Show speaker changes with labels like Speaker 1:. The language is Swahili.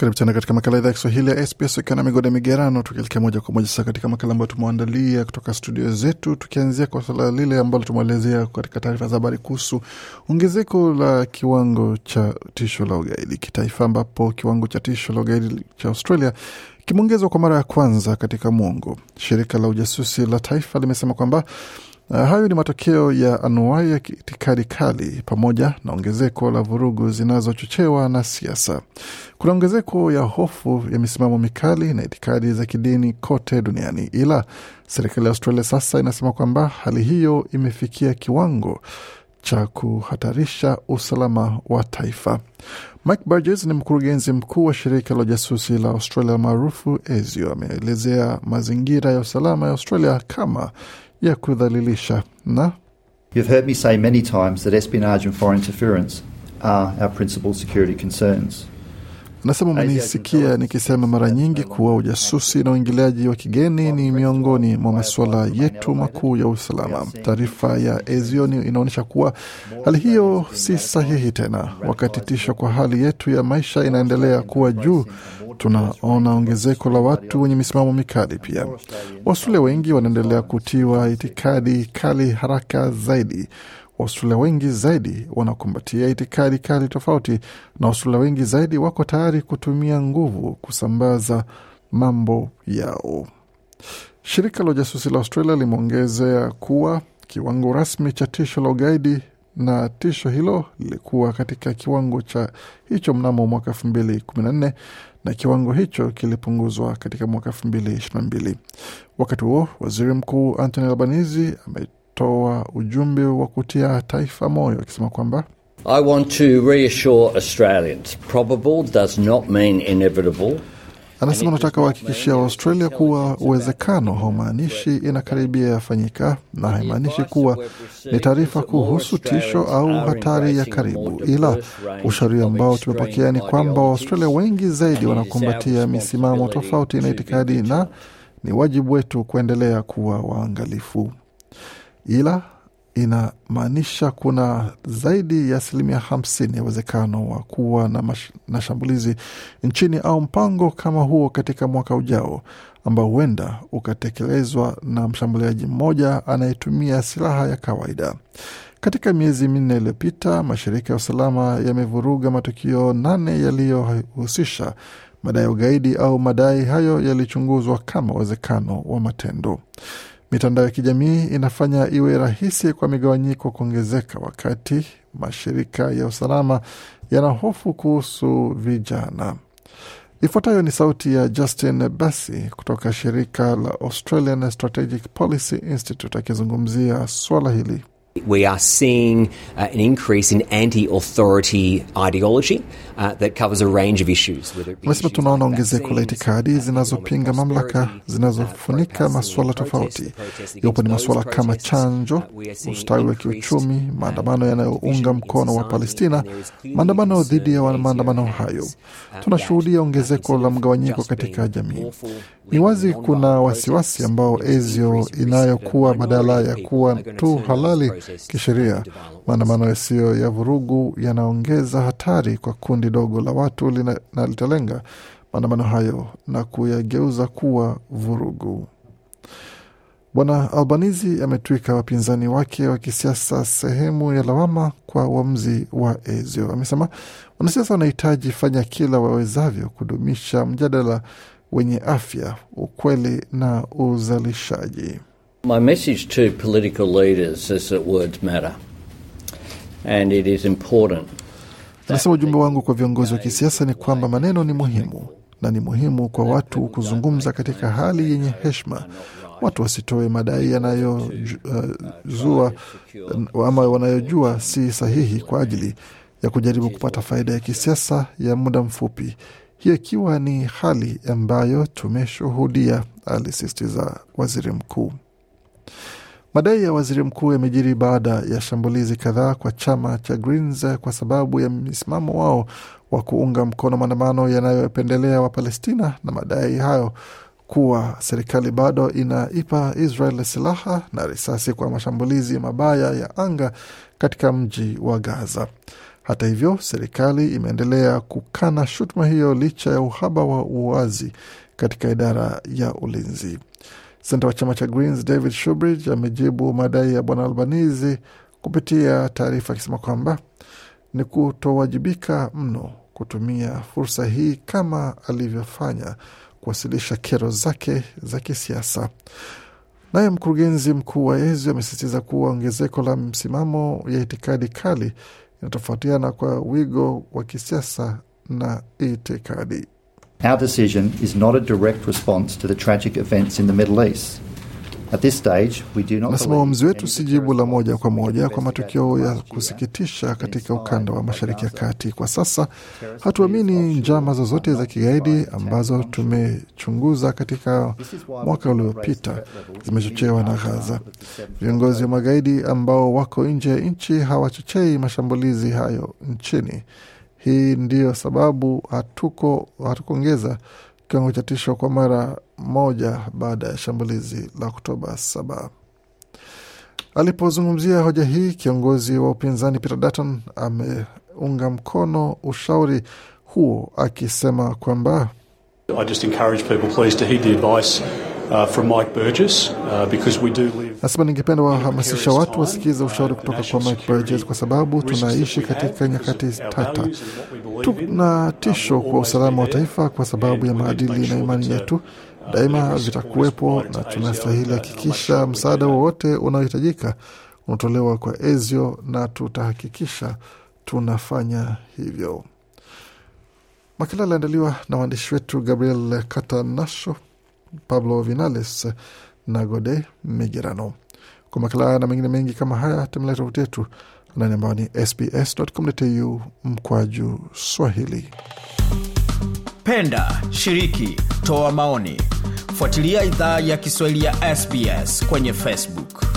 Speaker 1: karibu tena katika makala idhaa ya Kiswahili ya SBS ukiwa na migode migerano, tukielekea moja kwa moja sasa katika makala ambayo tumeandalia kutoka studio zetu, tukianzia kwa suala lile ambalo tumeelezea katika taarifa za habari kuhusu ongezeko la kiwango cha tisho la ugaidi kitaifa, ambapo kiwango cha tisho la ugaidi cha Australia kimeongezwa kwa mara ya kwanza katika mwongo. Shirika la ujasusi la taifa limesema kwamba Uh, hayo ni matokeo ya anuai ya itikadi kali pamoja na ongezeko la vurugu zinazochochewa na siasa. Kuna ongezeko ya hofu ya misimamo mikali na itikadi za kidini kote duniani, ila serikali ya Australia sasa inasema kwamba hali hiyo imefikia kiwango cha kuhatarisha usalama wa taifa. Mike Burgess ni mkurugenzi mkuu wa shirika la ujasusi la Australia maarufu ASIO. Ameelezea mazingira ya usalama ya Australia kama ya kudhalilisha na You've heard me say many times that espionage and foreign interference are our principal security concerns. Nasema mmenisikia nikisema mara nyingi kuwa ujasusi na uingiliaji wa kigeni ni miongoni mwa masuala yetu makuu ya usalama. Taarifa ya Ezioni inaonyesha kuwa hali hiyo si sahihi tena. Wakati tisho kwa hali yetu ya maisha inaendelea kuwa juu, tunaona ongezeko la watu wenye misimamo mikali. Pia Waaustralia wengi wanaendelea kutiwa itikadi kali haraka zaidi. Waaustralia wengi zaidi wanakumbatia itikadi kali tofauti, na Waaustralia wengi zaidi wako tayari kutumia nguvu kusambaza mambo yao. Shirika la ujasusi la Australia limeongezea kuwa kiwango rasmi cha tisho la ugaidi na tisho hilo lilikuwa katika kiwango cha hicho mnamo mwaka elfu mbili kumi na nne na kiwango hicho kilipunguzwa katika mwaka 2022. Wakati huo, waziri mkuu Anthony Albanese ametoa ujumbe wa kutia taifa moyo akisema kwamba I want to reassure Australians probable does not mean inevitable Anasema anataka wahakikishia waustralia kuwa uwezekano haumaanishi inakaribia yafanyika na haimaanishi kuwa ni taarifa kuhusu tisho au hatari ya karibu, ila ushauri ambao tumepokea ni kwamba waustralia wengi zaidi wanakumbatia misimamo tofauti na itikadi, na ni wajibu wetu kuendelea kuwa waangalifu ila inamaanisha kuna zaidi ya asilimia hamsini ya uwezekano wa kuwa na, mash, na shambulizi nchini au mpango kama huo katika mwaka ujao ambao huenda ukatekelezwa na mshambuliaji mmoja anayetumia silaha ya kawaida. Katika miezi minne iliyopita, mashirika ya usalama yamevuruga matukio nane yaliyohusisha madai ya ugaidi au madai hayo yalichunguzwa kama uwezekano wa matendo. Mitandao ya kijamii inafanya iwe rahisi kwa migawanyiko kuongezeka, wakati mashirika ya usalama yana hofu kuhusu vijana. Ifuatayo ni sauti ya Justin Basi kutoka shirika la Australian Strategic Policy Institute akizungumzia swala hili we are seeing uh, an increase in anti-authority ideology uh, that covers a range of issues. Amesema tunaona ongezeko la itikadi uh, zinazopinga mamlaka zinazofunika uh, masuala tofauti, iwapo ni masuala kama uh, chanjo, ustawi wa kiuchumi, maandamano yanayounga mkono wa Palestina, maandamano dhidi ya maandamano hayo. Tunashuhudia ongezeko la mgawanyiko katika jamii. Ni wazi kuna wasiwasi ambao Ezio inayokuwa badala ya kuwa tu halali kisheria. Maandamano yasiyo ya vurugu yanaongeza hatari kwa kundi dogo la watu litalenga maandamano hayo na kuyageuza kuwa vurugu. Bwana Albanizi ametwika wapinzani wake wa kisiasa sehemu ya lawama kwa uamuzi wa Ezio. Amesema wanasiasa wanahitaji fanya kila wawezavyo kudumisha mjadala wenye afya, ukweli na uzalishaji. My message to political leaders is that words matter and it is important. Anasema ujumbe wangu kwa viongozi wa kisiasa ni kwamba maneno ni muhimu na ni muhimu kwa watu kuzungumza katika hali yenye heshima. Watu wasitoe madai yanayozua uh, uh ama wanayojua si sahihi kwa ajili ya kujaribu kupata faida ya kisiasa ya muda mfupi, hiyo ikiwa ni hali ambayo tumeshuhudia, alisisitiza waziri mkuu. Madai ya waziri mkuu yamejiri baada ya shambulizi kadhaa kwa chama cha Greens kwa sababu ya msimamo wao wa kuunga mkono maandamano yanayopendelea Wapalestina na madai hayo kuwa serikali bado inaipa Israel silaha na risasi kwa mashambulizi mabaya ya anga katika mji wa Gaza. Hata hivyo, serikali imeendelea kukana shutuma hiyo licha ya uhaba wa uwazi katika idara ya ulinzi. Senta wa chama cha Greens David Shubridge amejibu madai ya bwana albanizi kupitia taarifa akisema kwamba ni kutowajibika mno kutumia fursa hii kama alivyofanya kuwasilisha kero zake za kisiasa. Naye mkurugenzi mkuu wa ezi amesisitiza kuwa ongezeko la msimamo ya itikadi kali inatofautiana kwa wigo wa kisiasa na itikadi. Our decision is not a direct response to the tragic events in the Middle East. Nasema uamuzi wetu si jibu la moja kwa moja kwa matukio ya kusikitisha katika ukanda wa Mashariki ya Kati. Kwa sasa hatuamini njama zozote za kigaidi ambazo tumechunguza katika mwaka uliopita zimechochewa na Gaza. Viongozi wa magaidi ambao wako nje ya nchi hawachochei mashambulizi hayo nchini. Hii ndiyo sababu hatuko hatukuongeza kiwango cha tisho kwa mara moja baada ya shambulizi la Oktoba saba. Alipozungumzia hoja hii, kiongozi wa upinzani Peter Dutton ameunga mkono ushauri huo akisema kwamba Uh, uh, Nasema ningependa wahamasisha watu wasikize ushauri uh, kutoka kwa Mike Burgess kwa sababu tunaishi katika nyakati tata. Tuna tisho kwa usalama wa taifa kwa sababu ya maadili na imani yetu daima vitakuwepo, na tunastahili hakikisha msaada wowote unaohitajika unatolewa kwa Ezio, na tutahakikisha tunafanya hivyo. Makala aliandaliwa na waandishi wetu Gabriel Katanasho Pablo Vinales na Gode Migerano. Kwa makala na mengine mengi kama haya tembelea tovuti yetu anani ambayo ni sbs.com.au mkwaju Swahili. Penda, shiriki, toa maoni, fuatilia idhaa ya Kiswahili ya SBS kwenye Facebook.